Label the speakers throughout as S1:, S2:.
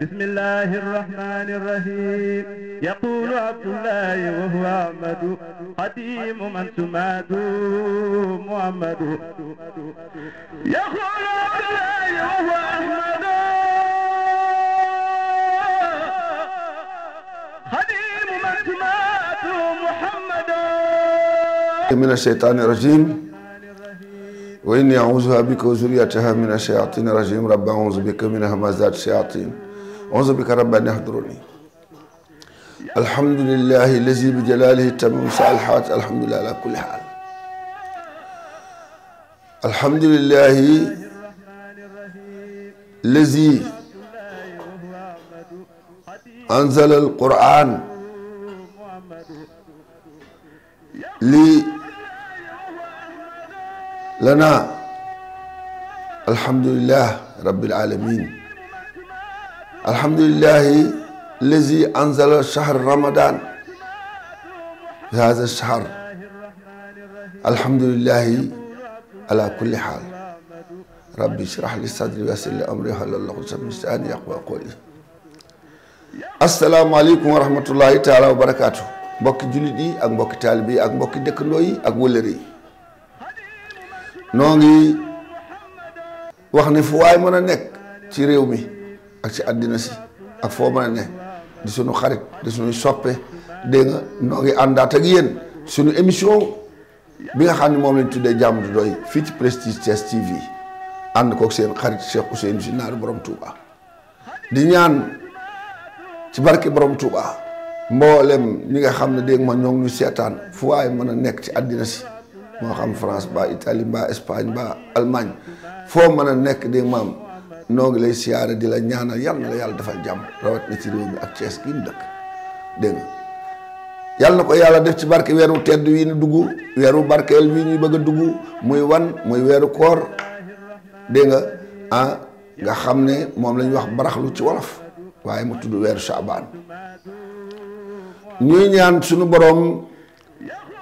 S1: بسم الله الرحمن الرحيم يقول عبد الله وهو أحمد قديم من سماد محمد يقول عبد الله وهو أحمد قديم من سماد محمد من الشيطان الرجيم وإني أعوذ بك وذريتها من الشياطين الرجيم رب أعوذ بك من همزات الشياطين أعوذ بك رب أن يحضرني الحمد لله الذي بجلاله تم سالحات الحمد لله على كل حال الحمد لله الذي أنزل القرآن لي لنا الحمد لله رب العالمين alhamdulillahi lazi anzala shahr ramadan fi hada shahr alhamdulillahi ala kulli haal rabbi shrah li sadri wa yassir li amri wahlul uqdatan min lisani yafqahu qawli asalaamaaleykum wa rahmatullahi taala wa barakaatu mbokki jullit yi ak mbokki taalib ak mbokki dëkkandoo ak wëllëre yi noo ngi wax ne fu waay a nekk ci réew mi ak si àddina si ak foo mën a ne di suñu xarit di suñu soppe dégg nga noo ngi àndaat ak yéen suñu émission bi nga xam ne moom lañ tuddee jàmm du doy fii ci Prestige Thiès TV ànd kook seen xarit Cheikh Ousseynou Sy naaru borom Touba di ñaan ci barke borom Touba mboolem ñi nga xam ne dégg ma ñoo ngi ñu seetaan fu waay mën a nekk ci àddina si moo xam France ba Italie ba Espagne ba Allemagne foo mën a nekk dégg maam noo ngi lay siyaare di la ñaanal yàlla na la yàlla defal jàmm rawat na ci réew mi ak Cees gi ñu dëkk yàlla na ko yàlla def ci barke weeru tedd wi ñu dugg weeru barkeel wi ñuy bëgg a dugg muy wan muy weeru koor dégg nga ah nga xam ne moom lañu wax baraxlu ci wolof waaye mu tudd weeru saabaan ñuy ñaan suñu boroom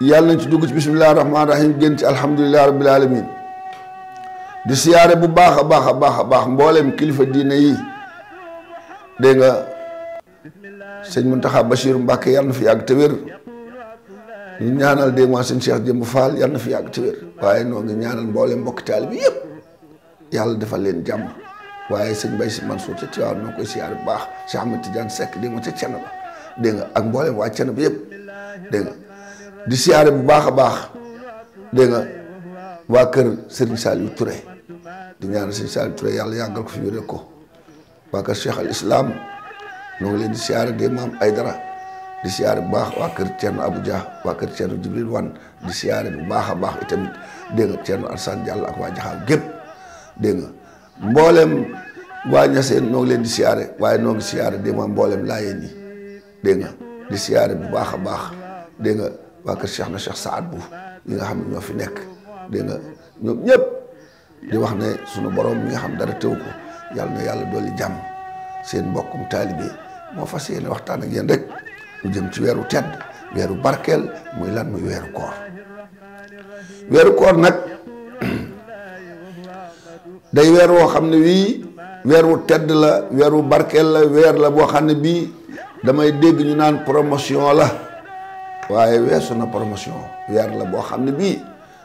S1: yàlla nañ ci dugg ci bisimillahi rahmaani rahim génn ci alhamdulillahi rabbil alamin di siyaare bu baax a baax a baax a baax mboolem kilifa diine yi dégg nga sëñ Muntaxa Bachir Mbàkke yàlla na fi yàgg te wér ñu ñaanal dégg nga sëñ Cheikh Jëmb Fall yàlla na fi yàgg te waaye noo ngi ñaanal mboolem mbokki taalibe bi yàlla defal leen jàmm waaye sëñ Bay Si soo ci Tiwaawan noo koy siyaare bu baax Cheikh Ahmed Tidiane Seck dégg nga ca Cene ba dégg ak mboolem waa Cene ba yëpp dégg nga di siyaare bu baax a baax dégg nga waa kër Serigne Saliou ture dunia ñaan sëñ Saliou Touré yàlla yàggal ko fiure ko waa kër Cheikh al Islam no ngi leen di siar de mam aidara di siar bu baax keur kër Abuja wa keur Thierno Jibril Wan di siar bu baax a baax itamit dégg nga al Alassane jall ak wa Jaxaaw gep de nga mbollem wa Ñaseen no ngi leen di siar waye no ngi siar de mam mbollem laayeen yi de nga di siar bu baax baax nga wa keur Cheikh na Cheikh Saad bu nga xam ñofi nek de nga ñop ñep di wax ne suñu borom mi nga xam dara tew ko yàlla na yalla doli jam seen mbokum talibé mo fasiyene yéene waxtaan ak yeen rek lu jëm ci wéru tedd wéru barkel muy lan muy wéru koor wéru koor nak day weer wo xamne ne wéru tedd la wéru barkel la wér la bo xamne ne damay dégg ñu naan promotion la waye weesu na promotion wér la bo xamne ne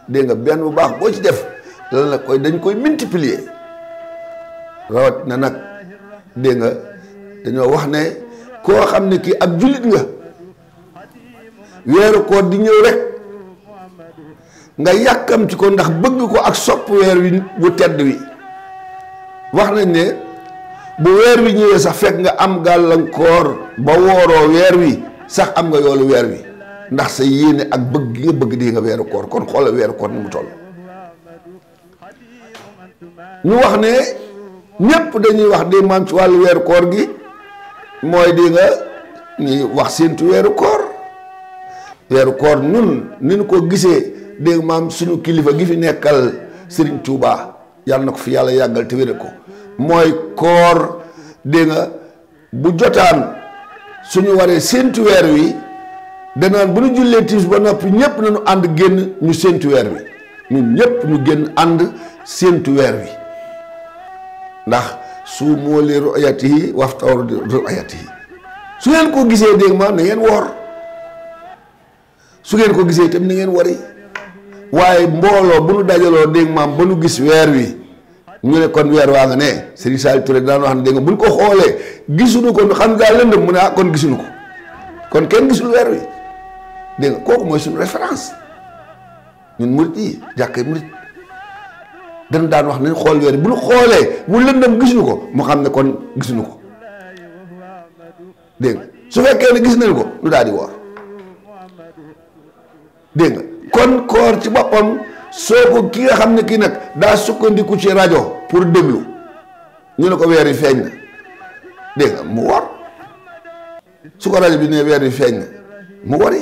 S1: dénga dégg nga benn bu baax bo ci def lan la koy dañ koy multiplier rawat na nak de nga dañu wax ne ko xamne ki ab julit nga wéru ko di ñew rek nga yakam ci ko ndax bëgg ko ak sopp wéru wi bu tedd wi wax nañ ne bu wéru wi ñewé sax fekk nga am gàllankoor ba woro wéru wi sax am nga yoolu wéru wi ndax sa yéene ak bëgg nga bëgg di nga wéru koor kon xol wéru koor ni mu toll ñu wax ne ñepp dañuy wax di maam ci wer weeru koor gi moy di nga ñuy wax séntu weeru koor weeru koor nun ni ko gisé dégg mam suñu kilifa gi fi nekkal Serigne Touba yalla nako fi yalla yagal te wér ko moy koor dégg nga bu jotaan suñu waree tu wer wi danaan bu ñu jullee tis ba noppi ñepp nañu and genn ñu tu wer wi ñun ñepp ñu génn ànd tu wer wi ndax suumoo li ru'yatihi waftaru li ru'yatihi su ngeen ko gisee dégg ma na ngeen woor su ngeen ko gisee itam na ngeen wari waaye mbooloo bu nu dajaloo dégg maam ba nu gis weer wi ñu ne kon weer waa nga ne Serigne Saliou Touré daan wax ne dégg nga bu ñu ko xoolee gisuñu ko xam daal lëndëm mu ne ak ah, kon gisuñu ko kon kenn gisul weer wi dégg nga kooku mooy suñu référence ñun murit yi jàkkee murit dañu daan wax nañ xool weer bu ñu xoolee bu lëndëm gisuñu ko mu xam ne kon gisuñu ko dégg su fekkee ne gis nañ ko ñu daal di woor dégg kon koor ci boppam soo ko ki nga xam ne kii nag daa sukkandiku ci rajo pour déglu ñu ne ko weer yi feeñ na dégg mu woor su ko rajo bi ne weer yi feeñ na mu wori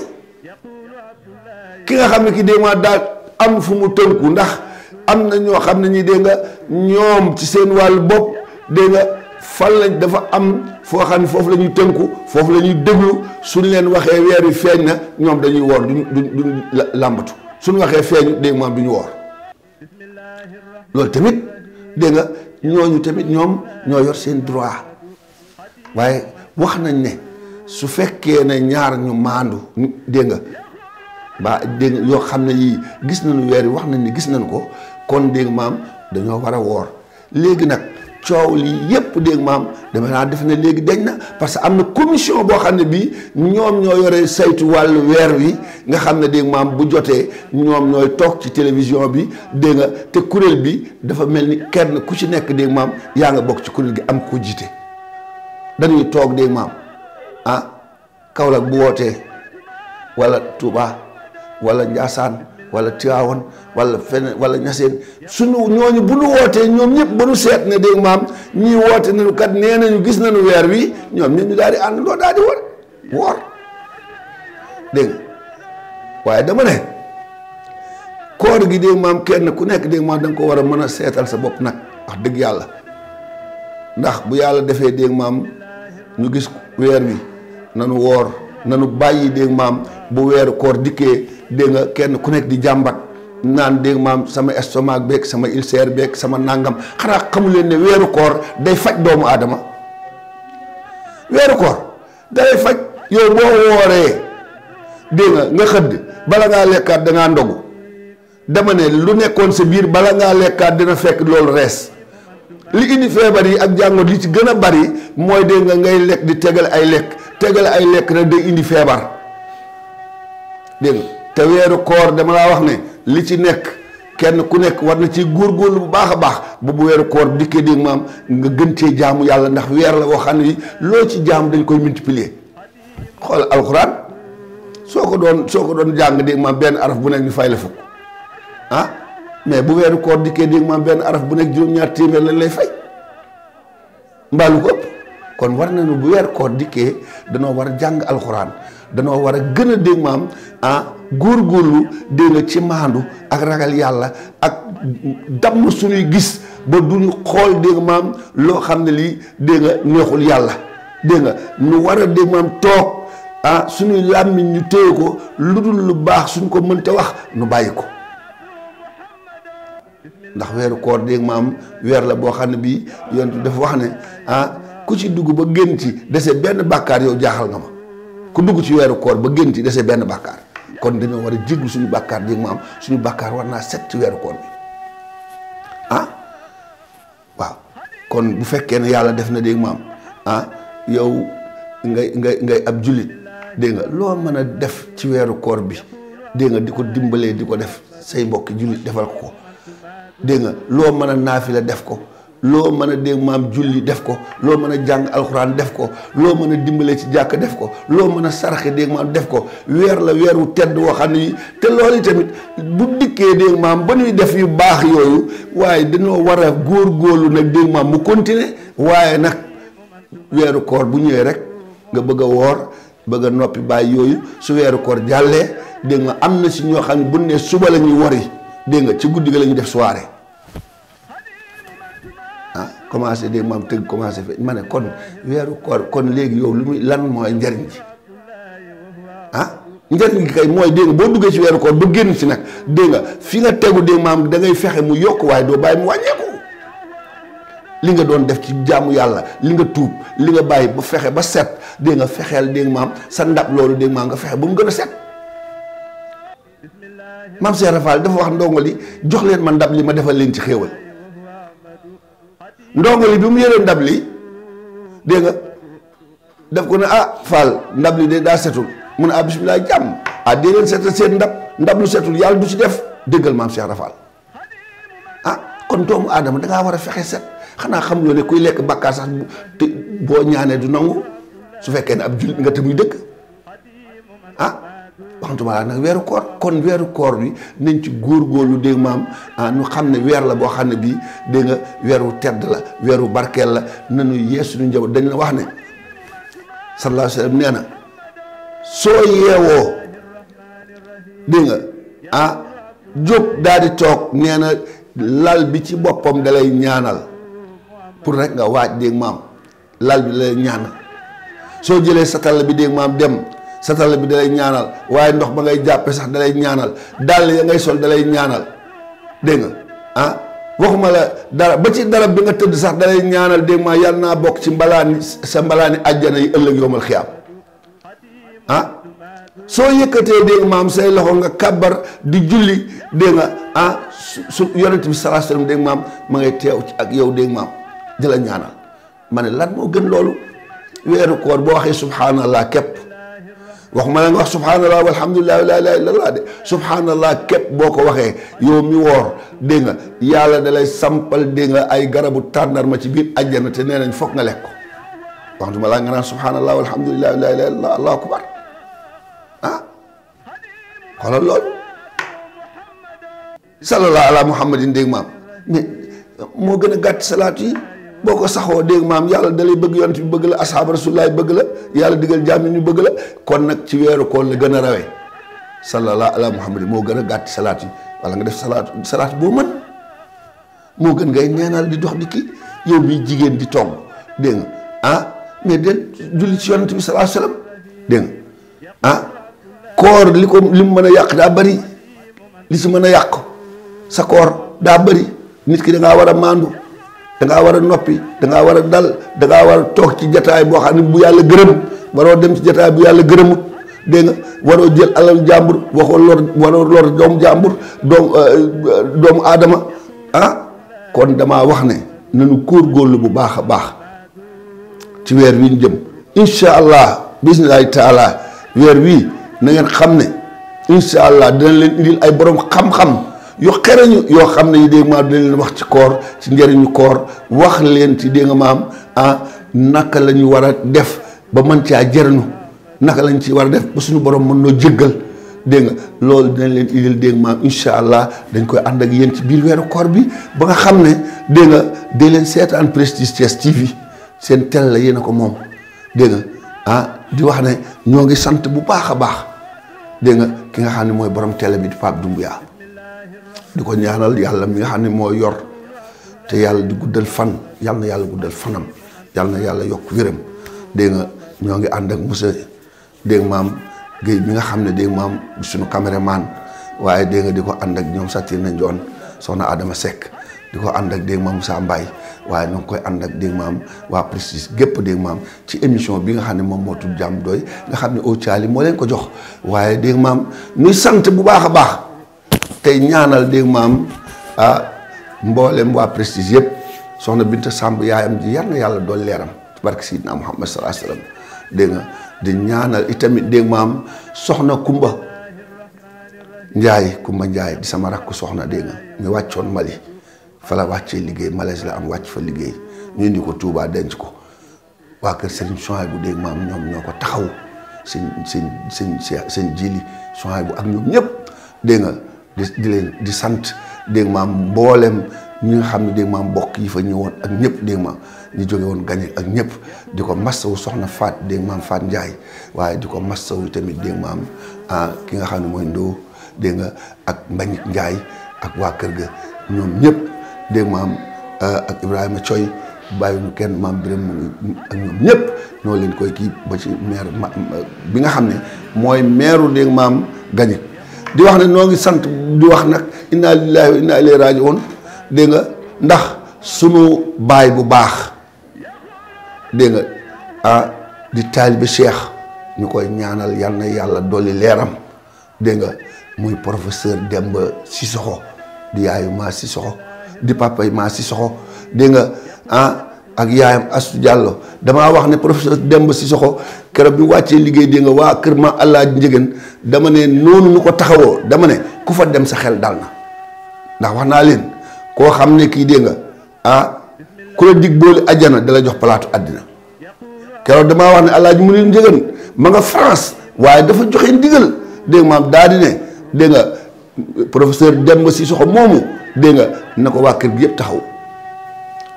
S1: ki nga xam ne ki déema daa am fu mu tënku ndax am na ñoo xam ne dénga ñoom ci seen wàll bopp dégg nga fan lañ dafa am foo xam ne foofu la ñuy tënku foofu lañuy ñuy déglu suñ leen waxee weer wi feeñ na ñoom dañuy woor duñ duñ duñ làmbatu suñ waxee feeñ dégg moom duñu loolu tamit dégg nga ñooñu tamit ñoom ñoo yor seen droit waaye wax nañ ne su fekkee ne ñaar ñu maandu dégg nga ba yoo xam ne yii gis nañu weer yi wax nañ ne gis nañ ko kon dégg maam dañoo war a woor léegi nag coow li yépp dégg maam dama naa def ne léegi deñ na parce que am na commission boo xam ne bii ñoom ñoo yore saytu wàllu weer wi nga xam ne dégg maam bu jotee ñoom ñooy toog ci télévision bi dégg nga te kuréel bi dafa mel ni kenn ku ci nekk dégg maam yaa ngi bokk ci kuréel gi am ko jiite dañuy toog dégg maam ah Kaolack bu wootee wala Touba wala Ndiassane wala tiawon wala fen wala Niassène suñu ñooñu bu ñu wote ñom ñep bu ñu set ne dégg maam ñi wote nañu kat gis nañu weer wi ñom ñi ñu daari di war loo wor wor woor waye dama ne koor gi dégg maam kenn ku nekk dégg maam dang ko wara mëna setal sa bop nak wax deug yalla ndax bu yalla defé dégg maam ñu gis weer wi nanu wor nanu bayyi dégg maam bu weeru koor dikke de nga kenn ku nek di jàmbat nan dégg mam sama estomac bek sama ulcer bek sama nangam xara xamulen ne wéru koor day faj doomu adama wéru koor day faj yow bo woré de nga nga xëdd bala nga lekkaat da nga ndogu dama ne lu nekkon sa biir bala nga lekkaat dina fekk loolu res li indi febar yi ak jangot li ci gëna bari moy de nga ngay lek di tegal ay lek tegal ay lek na de indi febar deng te wéru koor dama la wax ne li ci nekk kenn ku nekk war na ci góorgóorlu bu baax a baax bu bu wéru koor dikkee dig maam nga gën cee jaamu yàlla ndax weer la woo xam ne loo ci jaam dañ koy multiplier xool alquran soo ko doon soo ko doon jàng dégg maam benn araf bu nekk ñu fay la fukk ah mais bu wéru koor dikkee dig maam benn araf bu nekk juróom-ñaar téeméer la lay fay mbaalu ko kon war nu bu weer koor dikkee danoo war a jàng alxuraan danoo war a dégg maam ah góorgóorlu dégg nga ci maandu ak ragal yàlla ak damm suñuy gis ba duñu xool dégg maam loo xam ne lii dénga nga neexul yàlla dégg nga ñu war a dégg maam toog ah suñuy làmmiñ ñu téye ko lu dul lu baax suñ ko mënte wax nu bàyyi ko ndax weeru koor dégg maam weer la boo xam ne bii yonent dafa wax ne ah ku ci dugg ba génn ci desee benn bàkkaar yow jaaxal nga ma ku dugg ci weeru koor ba génn ci desee benn bàkkaar kon dañoo war a jéglu suñu bàkkaar jéeg mu am suñu bàkkaar war naa set ci weeru koor bi ah waaw kon bu fekkee ne yàlla def na dégg mu am ah yow ngay ngay ngay ab jullit dégg nga loo mën a def ci weeru koor bi dégg nga di ko dimbalee di ko def say mbokki jullit defal ko dégg nga loo mën a naafi la def ko loo mën a dégg maam julli def ko loo mën a jàng alxuraan def ko loo mën a dimbale ci jàkk def ko loo mën a saraxe dégg maam def ko weer la weer wu tedd woo ni ne te loolu tamit bu dikkee dégg maam ba ñuy def yu baax yooyu waaye dañoo war a góor góorlu nag dégg maam mu continuer waaye nag weeru koor bu ñëwee rek nga bëgg a woor bëgg a noppi bàyyi yooyu su weeru koor jàllee dégg nga am na si ñoo xam ne bu ne suba la ñuy wori dégg nga ci guddi ga la ñuy def soirée. commencé dégg maam teug commencé fe mané kon wéru koor kon légui yow lu lan moy njariñ ci ah njariñ gi kay moy dégg nga duggé ci wéru koor ba génn ci nak dégg nga fi nga tegu dégg mam da ngay fexé mu yok way do bay mu ko li nga doon def ci jaamu yalla li nga tuup li nga bay bu fexé ba sét dégg nga fexel dégg mam sa ndab lolu dégg mam nga fexé bu mu gën set maam Cheikh Rafal dafa wax ndongo li jox leen man ndab li ma defal leen ci xéewal ndongo li bi mu yëree ndab li dégg nga daf ko ne ah Fall ndab li de daa setul mun a ah bisimilah jàmm ah dee leen seetal seen ndab ndab lu setul yàlla du ci def déggal maam Cheikh Rafal ah kon doomu war a fexe set xanaa xam loo ne kuy lekk bàkkaar sax boo ñaanee du nangu su fekkee ne ab jullit nga te muy dëkk. ah waxantuma laa nag weeru koor kon weeru koor bi nañ ci góorgóorlu dégg maam ah ñu xam ne weer la boo xam ne bii dégg nga weeru tedd la weer wu barkeel la nañu yeesu ñu njaboot dañ la wax ne sallallahu nee na soo yeewoo dégg nga ah jóg toog nee lal bi ci boppam dalay ñaanal pour rek nga waaj maam lal bi dalay ñaanal soo jëlee satala bi dégg maam dem satal bi dalay ñaanal way ndox ba ngay jappé sax dalay ñaanal dal ya ngay sol dalay ñaanal dégg nga ah waxuma la dara ba ci darab bi nga teud sax dalay ñaanal dégg ma yal na bok ci mbalan sa mbalan aljana yi ëlëk yoomal xiyaam ah soo yëkkatee ma am say loxo nga kabar di julli dégg nga ah su yonent bi sallallahu alayhi wasallam maam ma ngay tew ci ak yow dégg ma di ñaanal mané lan mo gën lolu wéru koor bo waxé subhanallah kep waxuma nga wax subhanallah walhamdulilah la ilaha illallah de subhanallah képp boo ko waxee yow mi woor dégg yàlla da lay sampal dégg nga ay garabu tàndarma ci biir àjjana te nee nañ foog nga lekk du ma laa nga naan subhanallah walhamdulilah la ilaha illallah allahu akbar ah xoolal loolu sallallahu ala muhammadin dégg maam moo gën a gàtt salaat yi boo ko saxoo dégg maam yàlla dalay bëgg yonent bi bëgg la ashaab rasulullaay bëgg la yàlla digal jaam ñu bëgg la kon nag ci weeru koor la gën a rawee sallallahu ala muhammad moo gën a gàtt salaat yi wala nga def salaat salaat boo mën moo gën ngay neenaal di dox di kii yow bi jigéen di togg dégg ah mais de julli ci yonent bi sallallahu alayhi ah koor li ko li mu mën a yàq daa bari li si mën a yàq sa koor daa bari nit ki da ngaa war a maandu dangaa war a noppi da war a dal da war a toog ci jataay boo xam ne bu yàlla gërëm waroo dem ci jataay bu yàlla gërëm dégg nga waroo jël alal jàmbur waxoo lor waroo lor doom jàmbur doom euh, euh, doomu aadama ah kon damaa wax ne góor góorgóorlu bu baax a baax ci weer wi ñu jëm incha allah bismillahi taala weer wii na ngeen xam ne incha allah dinañ leen indil ay borom xam-xam. yu xereñu yoo xam ne yi dégg maam dina leen wax ci koor ci njariñu koor wax leen ci dégg maam ah naka lañuy war a def ba mën caa jëriñu naka lañ ci war a def ba suñu borom mën noo jéggal dégg nga loolu dinañ leen indil dégg maam incha allah dañ koy ànd ak yéen ci biir weeru koor bi ba nga xam ne dégg nga dee leen seetaan Prestige Thiès TV seen tel la yéen a ko moom dégg nga ah, di wax ne ñoo ngi sant bu baax a baax dégg nga ki nga xam ne mooy borom télé bi di Pape Doumbouya di ko ñaanal yàlla mi nga xam ne moo yor te yàlla di guddal fan yàlla na yàlla guddal fanam yàlla na yàlla yokk wéram dégg nga ñoo ngi ànd ak monsieur dégg nga maam Guèye mi nga xam ne dégg nga maam suñu caméraman waaye dégg di ko ànd ak ñoom sattir na joon soxna Adama Seck di ko ànd ak dégg maam Moussa mbaay waaye na ngi koy ànd ak dégg maam waa Prestige gépp dégg maam ci émission bi nga xam ne moom moo tudd jàmm doy nga xam ne Ocaali moo leen ko jox waaye dégg maam nuy sant bu baax a baax tey ñaanal dégg maam ah, mboolem waa prestige yëpp soxna Binta Samb yaayam di yar na yàlla dool leeram ci barke Sidna Muhammad salaa salaam dégg nga di ñaanal itamit dégg maam soxna Kumba Njaay Kumba Njaay di sama rakk soxna dégg nga ñu wàccoon Mali fa la wàccee liggéey Malaise la am wàcc fa liggéey ñu indi ko Touba denc ko waa kër Serigne Souhaï bu dégg maam ñoom ñoo ko taxaw seen seen seen seen jili Souhaï bu ak ñoom ñëpp dégg nga. di di leen di sant dégg maam mboolem ñi nga xam ne dégg maam mbokk yi fa ñëwoon ak ñëpp dégg maam ñu jóge woon gañe ak ñëpp di ko massawu soxna Faat dégg maam Faat Ndiaye waaye di ko massawu tamit dégg maam ah ki nga xam ne mooy Ndo dégg nga ak Mbagnick Ndiaye ak waa kër ga ñoom ñëpp dégg maam ah, ak Ibrahima Coy bàyyiwuñu kenn maam Birame mu ngi ak ñoom ñëpp ñoo leen koy kii ba ci maire bi nga xam ne mooy maireu dégg maam gañe di wax na noo ngi sant di wax nag inna lillahi wa inna ilayhi rajiun dégg nga ndax sunu baay bu baax dégg nga ah di taalibe cheikh ñu koy ñaanal yal na yàlla dolli leeram dégg nga muy professeur Demba Cissokho di yaayu maa Cissokho di papay maa Cissokho dégg nga ah ak yaayam astu diallo dama wax ne professeur demba si soxo keroog bi wàccee liggéey dé nga waa kër ma allah njëgën dama ne noonu nu ko taxawoo dama ne ku fa dem sa xel dal ndax wax naa leen koo xam ne kii nga ah ku la dig booli ajjana dala jox palaatu àddina kero dama wax ne allah mu ne njëgën ma nga france waaye dafa joxe ndigal dégg maam daa di ne dégg nga professeur demba si soxo moomu nga na ko waa kër gi taxaw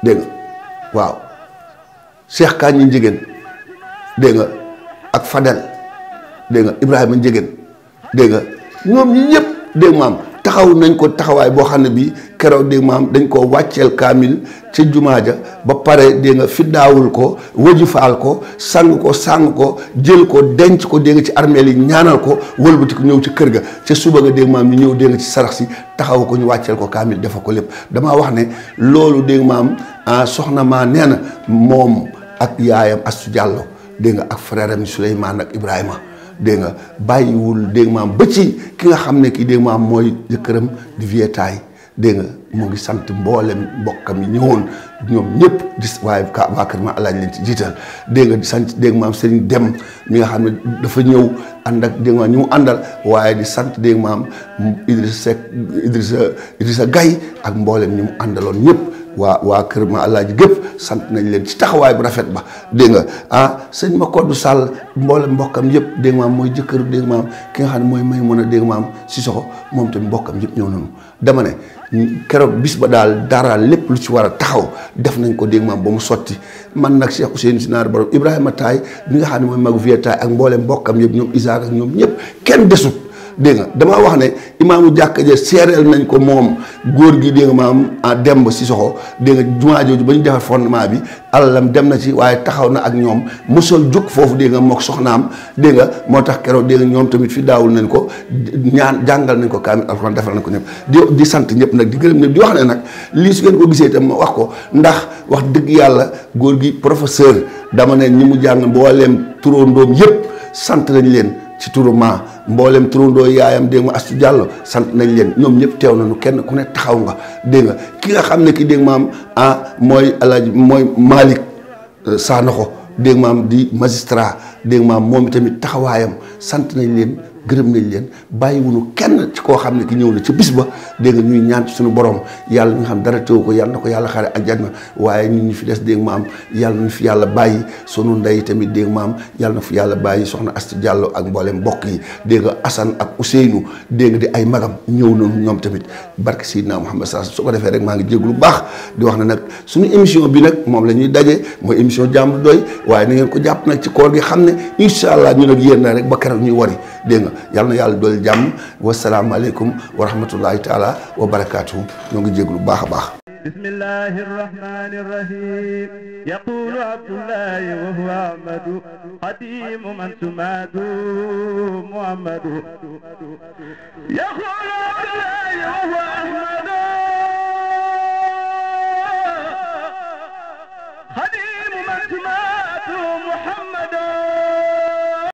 S1: nga waaw Cheikh Ka ñi jigéen dégg nga ak Fadel dégg nga Ibrahima njigéen dégg nga ñoom ñi ñëpp dégg maam taxaw nañ ko taxawaay boo xam ne bii keroog dégg maam dañ ko wàcceel kaamil ci jumaa ja ba pare dégg nga fiddaawul ko wajifaal ko sang ko sang ko jël ko denc ko dégg ci armeel yi ñaanal ko wëlbati ko ñëw ci kër ga ca suba nga dégg maam ñu ñëw dégg ci sarax si taxaw ko ñu wàcceel ko kaamil defa ko lépp damaa wax ne loolu dégg maam ah soxna maa nee na moom ak yaayam Astou Diallo dégg nga ak frère am Souleymane ak Ibrahima dégg nga bàyyiwul dégg maam ba ci ki nga xam ne kii dégg maam mooy jëkkëram di vietaay dégg nga mu sant mboolem mbokkam yi ñëwoon ñoom ñëpp di waaye ka waa kër ma ci jiital dégg nga di sant dégg maam sëriñ dem mi nga xam ne dafa ñëw ànd ak dégg maam ñu mu àndal waaye di sant dégg maam Idrissa Seck Idrissa Idrissa Gaye ak mboolem ñu mu àndaloon ñëpp waa waa kër ma alaaji gépp sant nañ leen ci taxawaay bu rafet ba dégg nga ah sëñ ma koddu sàll mboole mbokkam yëpp dégg maam mooy jëkkër dégg maam ki nga xam ne mooy may mën a dégg si soxo moom tamit mbokkam ñëw nañu dama ne keroog bis ba daal dara lépp lu ci war a taxaw def nañ ko dégg ba mu sotti man nag Cheikh Ousseynou si naar borom Ibrahima Taay bi xam ne mooy magu Vieux ak mboole mbokkam yëpp ñoom Isaac ak ñoom ñëpp kenn desut dégg dama wax ne imaamu jàkka ja seereel nañ ko moom góor gi dégg nga maam ah Demba Sissoko dégg nga jumaa jooju ba ñu fondement bi alalam dem na ci waaye taxaw na ak ñoom mosul jóg foofu dégg nga mook soxnaam dégg nga moo tax keroog dégg nga ñoom tamit fi daawul nañ ko ñaan jàngal nañ ko kaamil alxuraan defal nañ ko ñëpp di di sant ñëpp nag di gërëm ñëpp di wax ne nag lii su ngeen ko gisee tam ma wax ko ndax wax dëgg yàlla góor gi professeur dama ne ñi mu jàng mbooleem sant nañ leen ci turu ma mboolem turandoo yaayam dégg ma astu jàllo sant nañ leen ñoom ñëpp teew nañu kenn ku ne taxaw nga dégg nga ki nga xam ne ki dégg maam ah mooy alaaj mooy Malick euh, Sanoxo dégg maam di magistrat dégg maam moom tamit taxawaayam sant nañ leen gërëm nañ leen bàyyiwuñu kenn ci koo xam ne ki ñëw na ci bis ba dégg nga ñuy ñaan ci suñu borom yàlla mi nga xam dara teew ko yàlla na ko yàlla xare àjjana waaye ñun ñu fi des dégg ma am yàlla nañu fi yàlla bàyyi sunu ndey tamit dégg ma am na fi yàlla bàyyi soxna Asti Diallo ak mboolem mbokk yi dégg nga Assane ak Ousseynou dégg nga di ay magam ñëw nañu ñoom tamit barke Seydina Mouhamed sa su ko defee rek maa ngi jéglu baax di wax ne nag suñu émission bi nag moom la ñuy daje mooy émission jàmm doy waaye na ngeen ko jàpp nag ci koor gi xam ne incha allah ñu nag yéen rek ba keroog ñuy wari dégg nga yàlla na yàlla dool jàmm wasalaamualeykum wa rahmatullahi taala wa barakaatuhu ñoo ngi jéglu baax a baax bismillahi arrahmani arrahim yaqulu abdullahi wa huwa ahmadu qadimu man sumadu muhammadu yaqulu abdullahi wa huwa ahmadu